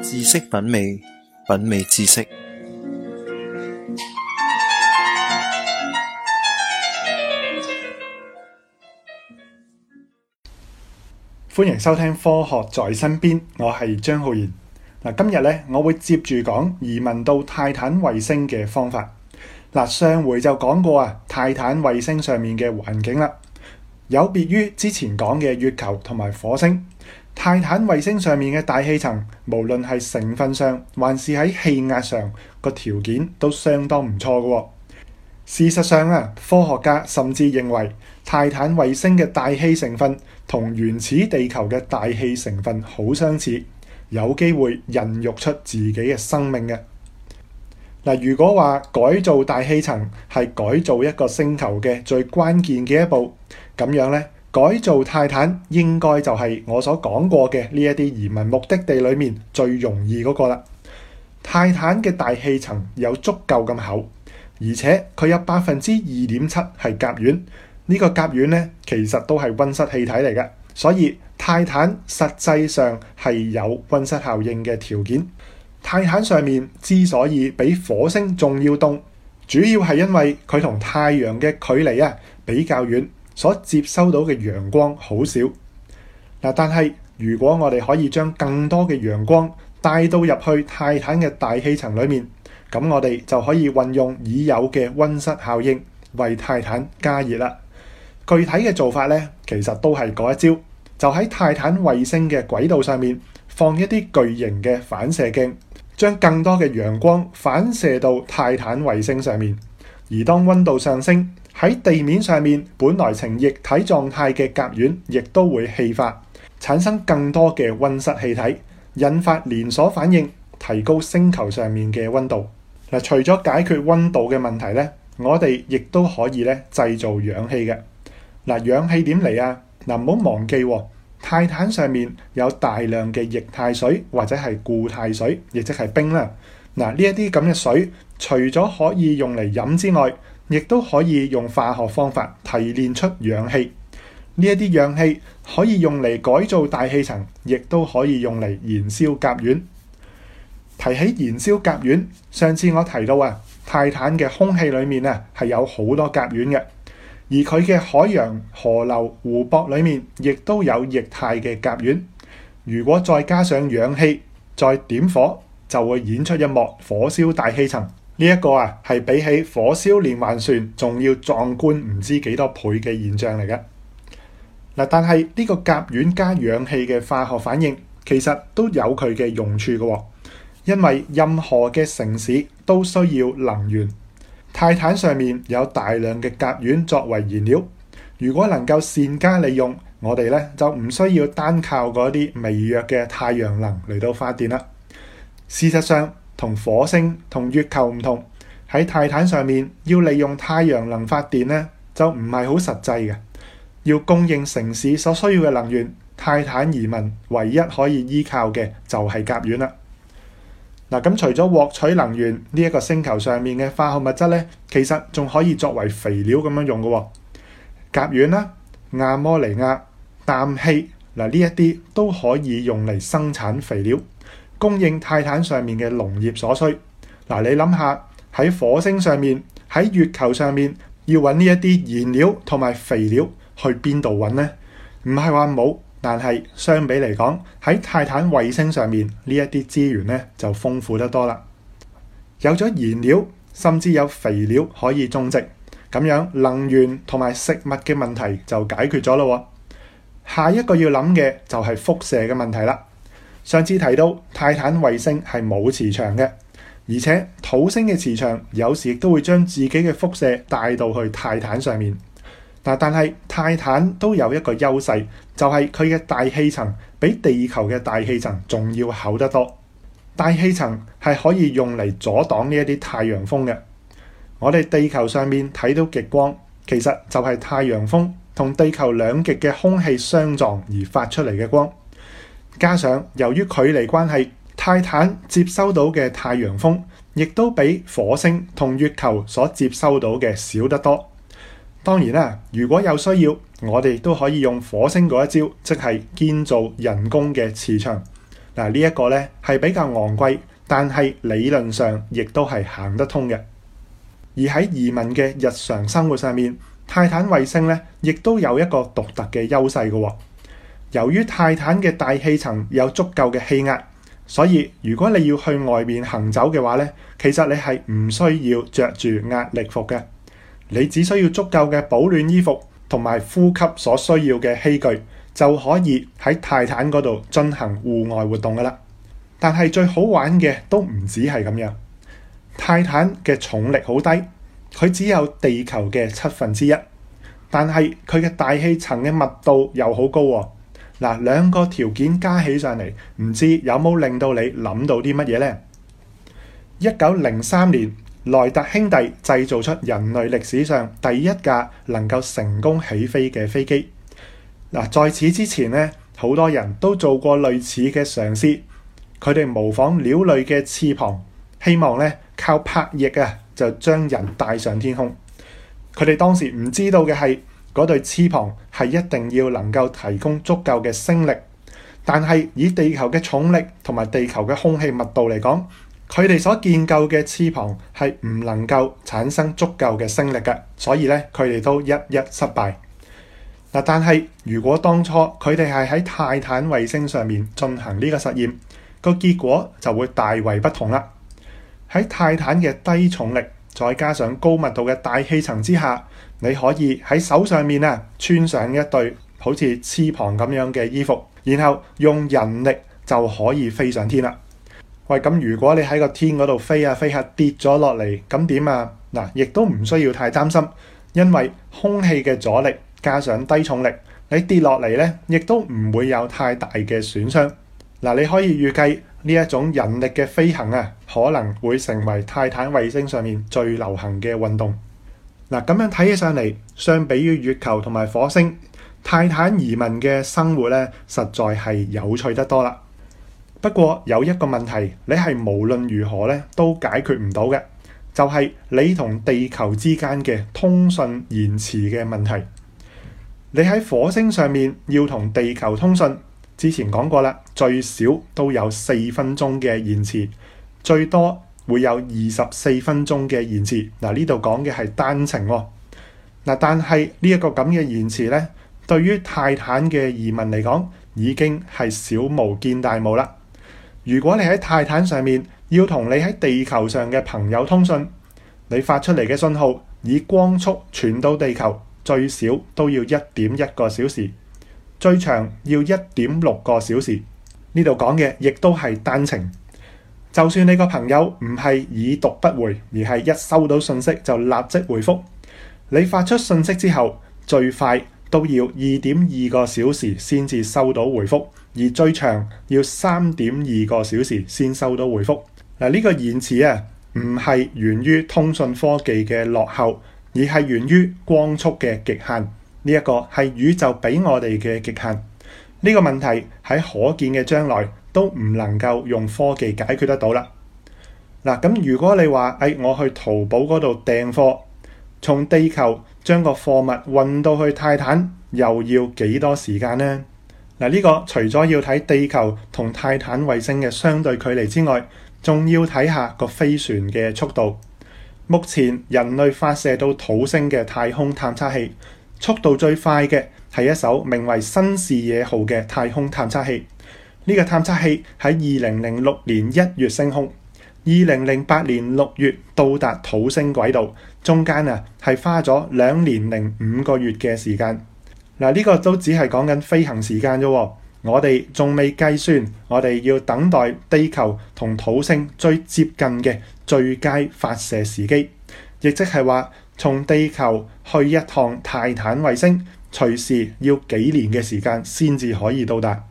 知識品味，品味知識。歡迎收聽《科學在身邊》，我係張浩然。嗱，今日咧我會接住講移民到泰坦衛星嘅方法。嗱，上回就講過啊，泰坦衛星上面嘅環境啦，有別於之前講嘅月球同埋火星。泰坦衛星上面嘅大氣層，無論係成分上，還是喺氣壓上，個條件都相當唔錯嘅哦。事實上啊，科學家甚至認為泰坦衛星嘅大氣成分同原始地球嘅大氣成分好相似，有機會孕育出自己嘅生命嘅。嗱，如果話改造大氣層係改造一個星球嘅最關鍵嘅一步，咁樣呢？改造泰坦應該就係我所講過嘅呢一啲移民目的地裏面最容易嗰個啦。泰坦嘅大氣層有足夠咁厚，而且佢有百分之二點七係甲烷，呢個甲烷呢，其實都係温室氣體嚟嘅，所以泰坦實際上係有温室效應嘅條件。泰坦上面之所以比火星仲要凍，主要係因為佢同太陽嘅距離啊比較遠。所接收到嘅陽光好少，嗱，但係如果我哋可以將更多嘅陽光帶到入去泰坦嘅大氣層裡面，咁我哋就可以運用已有嘅温室效應為泰坦加熱啦。具體嘅做法呢，其實都係嗰一招，就喺泰坦衛星嘅軌道上面放一啲巨型嘅反射鏡，將更多嘅陽光反射到泰坦衛星上面，而當温度上升，喺地面上面，本來呈液體狀態嘅甲烷，亦都會氣化，產生更多嘅溫室氣體，引發連鎖反應，提高星球上面嘅温度。嗱，除咗解決温度嘅問題咧，我哋亦都可以咧製造氧氣嘅。嗱，氧氣點嚟啊？嗱，唔好忘記，泰坦上面有大量嘅液態水或者係固態水，亦即係冰啦。嗱，呢一啲咁嘅水，除咗可以用嚟飲之外，亦都可以用化學方法提煉出氧氣，呢一啲氧氣可以用嚟改造大氣層，亦都可以用嚟燃燒甲烷。提起燃燒甲烷，上次我提到啊，泰坦嘅空氣裏面啊係有好多甲烷嘅，而佢嘅海洋、河流、湖泊裏面亦都有液態嘅甲烷。如果再加上氧氣，再點火，就會演出一幕火燒大氣層。呢一個啊，係比起火燒連環船仲要壯觀唔知幾多倍嘅現象嚟嘅。嗱，但係呢個甲烷加氧氣嘅化學反應，其實都有佢嘅用處嘅。因為任何嘅城市都需要能源，泰坦上面有大量嘅甲烷作為燃料。如果能夠善加利用，我哋咧就唔需要單靠嗰啲微弱嘅太陽能嚟到發電啦。事實上，同火星同月球唔同，喺泰坦上面要利用太陽能發電咧，就唔係好實際嘅。要供應城市所需要嘅能源，泰坦移民唯一可以依靠嘅就係甲烷啦。嗱，咁除咗獲取能源呢一個星球上面嘅化學物質咧，其實仲可以作為肥料咁樣用嘅。甲烷啦、亞摩尼亞、氮氣，嗱呢一啲都可以用嚟生產肥料。供應泰坦上面嘅農業所需，嗱你諗下，喺火星上面，喺月球上面要搵呢啲燃料同埋肥料去邊度搵呢？唔係話冇，但係相比嚟講，喺泰坦衛星上面呢啲資源就豐富得多啦。有咗燃料，甚至有肥料可以種植，咁樣能源同埋食物嘅問題就解決咗喇。下一個要諗嘅就係輻射嘅問題喇。上次提到，泰坦衛星係冇磁場嘅，而且土星嘅磁場有時亦都會將自己嘅輻射帶到去泰坦上面。嗱，但係泰坦都有一個優勢，就係佢嘅大氣層比地球嘅大氣層仲要厚得多。大氣層係可以用嚟阻擋呢一啲太陽風嘅。我哋地球上面睇到極光，其實就係太陽風同地球兩極嘅空氣相撞而發出嚟嘅光。加上由於距離關係，泰坦接收到嘅太陽風，亦都比火星同月球所接收到嘅少得多。當然啦，如果有需要，我哋都可以用火星嗰一招，即係建造人工嘅磁場。嗱、這個，呢一個咧係比較昂貴，但係理論上亦都係行得通嘅。而喺移民嘅日常生活上面，泰坦衛星咧亦都有一個獨特嘅優勢嘅。由於泰坦嘅大氣層有足夠嘅氣壓，所以如果你要去外面行走嘅話咧，其實你係唔需要着住壓力服嘅。你只需要足夠嘅保暖衣服同埋呼吸所需要嘅器具，就可以喺泰坦嗰度進行戶外活動噶啦。但係最好玩嘅都唔止係咁樣，泰坦嘅重力好低，佢只有地球嘅七分之一，但係佢嘅大氣層嘅密度又好高喎啊。嗱，兩個條件加起上嚟，唔知有冇令到你諗到啲乜嘢呢？一九零三年，萊特兄弟製造出人類歷史上第一架能夠成功起飛嘅飛機。嗱，在此之前咧，好多人都做過類似嘅嘗試，佢哋模仿鳥類嘅翅膀，希望咧靠拍翼啊，就將人帶上天空。佢哋當時唔知道嘅係，嗰對翅膀係一定要能夠提供足夠嘅升力，但係以地球嘅重力同埋地球嘅空氣密度嚟講，佢哋所建構嘅翅膀係唔能夠產生足夠嘅升力嘅，所以咧佢哋都一一失敗。但係如果當初佢哋係喺泰坦衛星上面進行呢個實驗，個結果就會大為不同啦。喺泰坦嘅低重力，再加上高密度嘅大氣層之下。你可以喺手上面啊，穿上一對好似翅膀咁樣嘅衣服，然後用人力就可以飛上天啦。喂，咁如果你喺個天嗰度飛下、啊、飛下跌咗落嚟，咁點啊？嗱，亦、啊、都唔需要太擔心，因為空氣嘅阻力加上低重力，你跌落嚟咧，亦都唔會有太大嘅損傷。嗱，你可以預計呢一種人力嘅飛行啊，可能會成為泰坦衛星上面最流行嘅運動。嗱，咁樣睇起上嚟，相比於月球同埋火星，泰坦移民嘅生活咧，實在係有趣得多啦。不過有一個問題，你係無論如何咧都解決唔到嘅，就係、是、你同地球之間嘅通訊延遲嘅問題。你喺火星上面要同地球通訊，之前講過啦，最少都有四分鐘嘅延遲，最多。會有二十四分鐘嘅延遲。嗱，呢度講嘅係單程喎。嗱，但係呢一個咁嘅延遲呢，對於泰坦嘅移民嚟講，已經係小巫見大巫啦。如果你喺泰坦上面要同你喺地球上嘅朋友通訊，你發出嚟嘅信號以光速傳到地球，最少都要一點一個小時，最長要一點六個小時。呢度講嘅亦都係單程。就算你個朋友唔係已讀不回，而係一收到信息就立即回覆，你發出信息之後最快都要二點二個小時先至收到回覆，而最長要三點二個小時先收到回覆。嗱，呢個延遲啊，唔係源於通訊科技嘅落後，而係源於光速嘅極限。呢一個係宇宙俾我哋嘅極限。呢個問題喺可見嘅將來。都唔能夠用科技解決得到啦。嗱，咁如果你話，哎，我去淘寶嗰度訂貨，從地球將個貨物運到去泰坦，又要幾多時間呢？嗱，呢個除咗要睇地球同泰坦衛星嘅相對距離之外，仲要睇下個飛船嘅速度。目前人類發射到土星嘅太空探測器，速度最快嘅係一艘名為新視野號嘅太空探測器。呢個探測器喺二零零六年一月升空，二零零八年六月到達土星軌道，中間啊係花咗兩年零五個月嘅時間。嗱，呢個都只係講緊飛行時間啫。我哋仲未計算，我哋要等待地球同土星最接近嘅最佳發射時機，亦即係話從地球去一趟泰坦衛星，隨時要幾年嘅時間先至可以到達。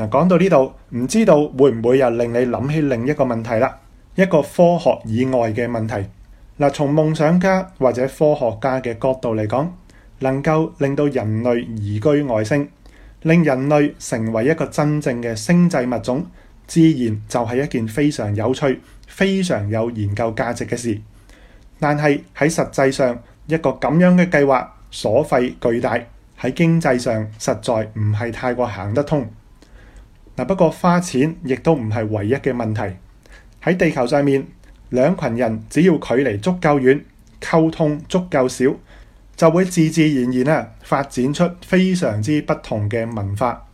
嗱，講到呢度，唔知道會唔會又令你諗起另一個問題啦。一個科學以外嘅問題。嗱，從夢想家或者科學家嘅角度嚟講，能夠令到人類移居外星，令人類成為一個真正嘅星際物種，自然就係一件非常有趣、非常有研究價值嘅事。但係喺實際上，一個咁樣嘅計劃，所費巨大，喺經濟上實在唔係太過行得通。不過花錢亦都唔係唯一嘅問題。喺地球上面，兩群人只要距離足夠遠，溝通足夠少，就會自自然然咧發展出非常之不同嘅文化。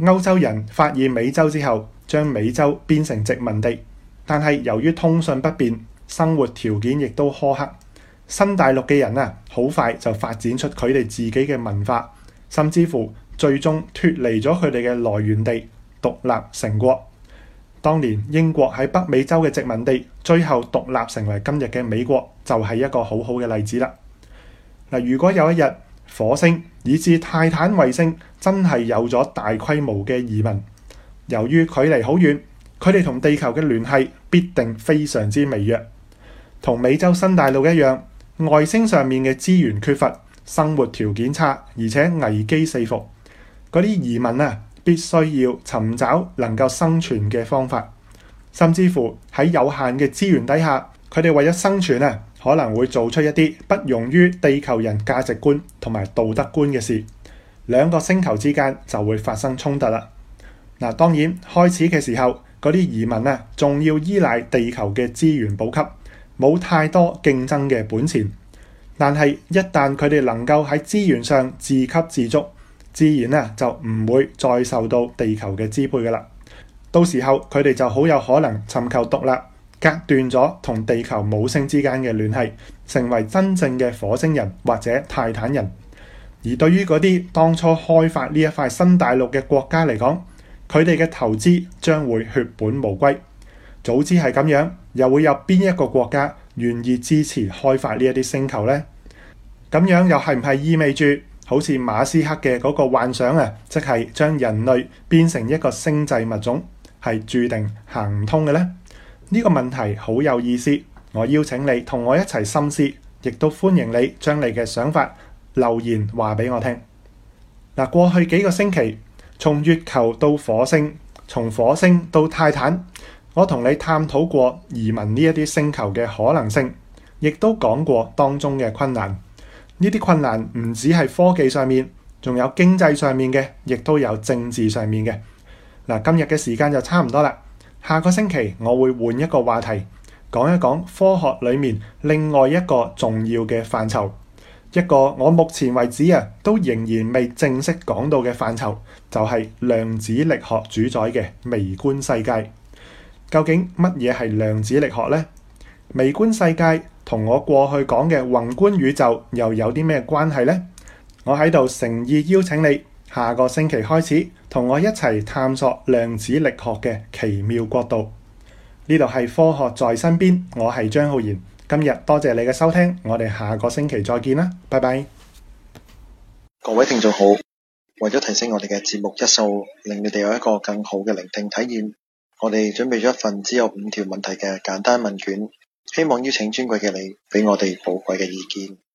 歐洲人發現美洲之後，將美洲變成殖民地，但係由於通訊不便，生活條件亦都苛刻，新大陸嘅人啊，好快就發展出佢哋自己嘅文化，甚至乎最終脫離咗佢哋嘅來源地。獨立成國，當年英國喺北美洲嘅殖民地，最後獨立成為今日嘅美國，就係一個好好嘅例子啦。嗱，如果有一日火星以至泰坦衛星真係有咗大規模嘅移民，由於距離好遠，佢哋同地球嘅聯繫必定非常之微弱。同美洲新大陸一樣，外星上面嘅資源缺乏，生活條件差，而且危機四伏，嗰啲移民啊。必須要尋找能夠生存嘅方法，甚至乎喺有限嘅資源底下，佢哋為咗生存啊，可能會做出一啲不容於地球人價值觀同埋道德觀嘅事。兩個星球之間就會發生衝突啦。嗱，當然開始嘅時候，嗰啲移民啊，仲要依賴地球嘅資源補給，冇太多競爭嘅本錢。但係一旦佢哋能夠喺資源上自給自足。自然啊，就唔會再受到地球嘅支配㗎喇。到時候佢哋就好有可能尋求獨立，隔斷咗同地球母星之間嘅聯繫，成為真正嘅火星人或者泰坦人。而對於嗰啲當初開發呢一塊新大陸嘅國家嚟講，佢哋嘅投資將會血本無歸。早知係咁樣，又會有邊一個國家願意支持開發呢一啲星球呢？咁樣又係唔係意味住？好似馬斯克嘅嗰個幻想啊，即係將人類變成一個星際物種，係注定行唔通嘅呢？呢個問題好有意思，我邀請你同我一齊深思，亦都歡迎你將你嘅想法留言話俾我聽。嗱，過去幾個星期，從月球到火星，從火星到泰坦，我同你探討過移民呢一啲星球嘅可能性，亦都講過當中嘅困難。呢啲困難唔止係科技上面，仲有經濟上面嘅，亦都有政治上面嘅。嗱，今日嘅時間就差唔多啦。下個星期我會換一個話題，講一講科學裏面另外一個重要嘅範疇，一個我目前為止啊都仍然未正式講到嘅範疇，就係量子力學主宰嘅微觀世界。究竟乜嘢係量子力學呢？微觀世界。同我過去講嘅宏觀宇宙又有啲咩關係呢？我喺度誠意邀請你，下個星期開始同我一齊探索量子力學嘅奇妙國度。呢度係科學在身邊，我係張浩然。今日多謝你嘅收聽，我哋下個星期再見啦，拜拜！各位聽眾好，為咗提升我哋嘅節目質素，令你哋有一個更好嘅聆聽體驗，我哋準備咗一份只有五條問題嘅簡單問卷。希望邀請尊貴嘅你，俾我哋寶貴嘅意見。